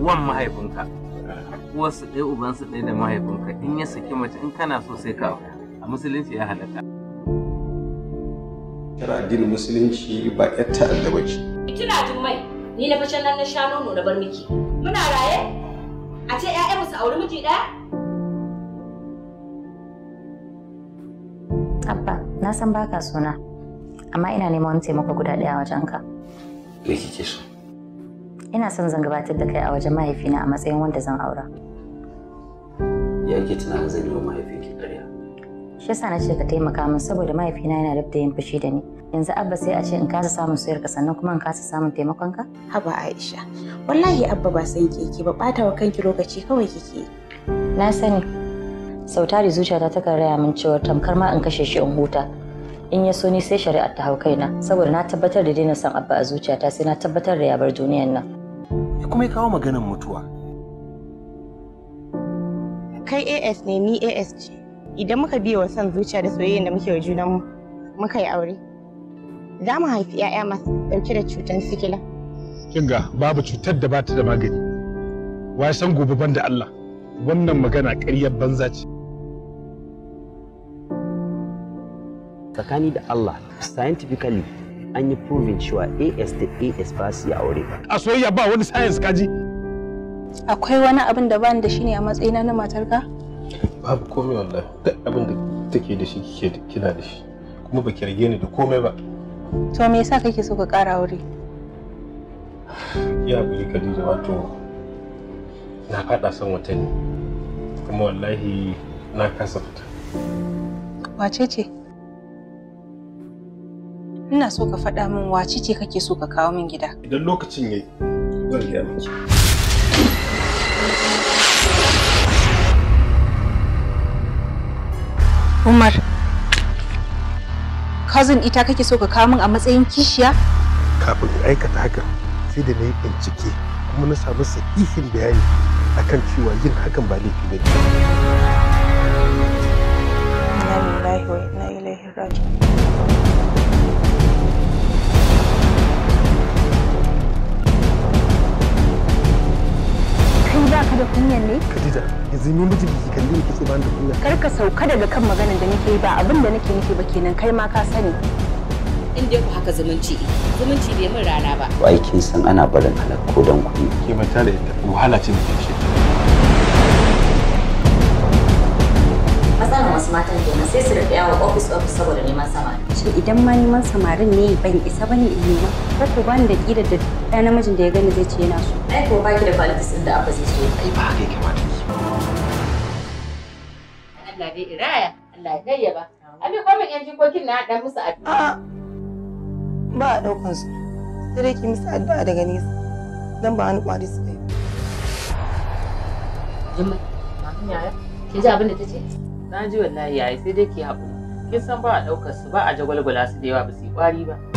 uwan mahaifinka uwarsu ɗaya su ɗaya da mahaifinka in ya saki mace in kana so sai ka a musulunci ya halatta tara addinin musulunci ba ƴar ta'adda ba ce kina jummai ni na fashin nan na sha nono na bar miki muna raye a ce ƴaƴanmu su auri miji ɗaya abba na san baka suna amma ina neman taimako guda ɗaya wajenka me kike so ina son zan gabatar da kai a wajen mahaifina a matsayin wanda zan aura ya ke tunanin zan yi wa mahaifinki ƙarya shi yasa na ce ka taimaka min saboda mahaifina yana da yin fushi da ni yanzu abba sai a ce in kasa samun soyarka sannan kuma in kasa samun taimakon ka haba aisha wallahi abba ba san keke ba bata wa kanki lokaci kawai kike na sani sautari zuciyata takan raya min cewa tamkar ma in kashe shi in huta in ya so ni sai shari'ar ta hau kaina saboda na tabbatar da daina son abba a zuciyata sai na tabbatar da yabar bar duniyan nan kuma ya kawo maganan mutuwa kai as ne ni as ce idan muka biya wa son zuciya da soyayyen da muke wa junanmu muka yi aure za mu haifi 'ya'ya masu dauke da cutar sikila kinga babu cutar da bata da magani wa san gobe ban da Allah wannan magana ƙaryar banza ce tsakani da Allah scientifically an yi proving cewa as da as ba su yi aure ba. a soyayya ba wani science kaji akwai wani abin da bani da shi ne a matsayina na matarka babu komai wallahi duk abin da take da shi kike kina da shi kuma baki rage ni da komai ba to me yasa kake so ka ƙara aure ya buri Khadija wato na faɗa son watanni kuma wallahi na kasa fita wace ce ina so ka faɗa min wace ce kake so ka kawo min gida idan lokacin yayi zan gaya miki Umar cousin ita kake so ka kawo min a matsayin kishiya kafin in aikata hakan sai da na yi bincike kuma na samu sahihin bayani akan cewa yin hakan ba laifi ba ne. na lillahi wa inna ilaihi raji'un. hanyar ne? Khadija, yanzu ni miji biki kan ni kike bani da kunya. Kar ka sauka daga kan maganar da nake ba abin da nake nake ba kenan kai ma ka sani. In dai ku haka zumunci, zumunci bai min rana ba. Wai kin san ana barin halakko don kuɗi. Ke mata da ita wahala ce mutum shi. akan kenan sai su rika yawo ofis ofis saboda neman samari shin idan ma neman samarin ne ban isa bane in nema kar ku bani da kida da ɗan namijin da ya gani zai ce yana so ai ko baki da qualities din da abba zai so ai ba haka ya kamata ki Allah dai iraya Allah ya gayyaba abin ko min yan jikokin na dan musu abin ba a daukan su sai dai ki musu addu'a daga nesa dan ba wani kwari suka yi Jummai, mamin yaya, ke ji abin da ta ce? na ji wallahi yayi sai dai ke haƙuri kin san ba a ɗaukar su ba a jagwalgwala su da yawa ba su yi ƙwari ba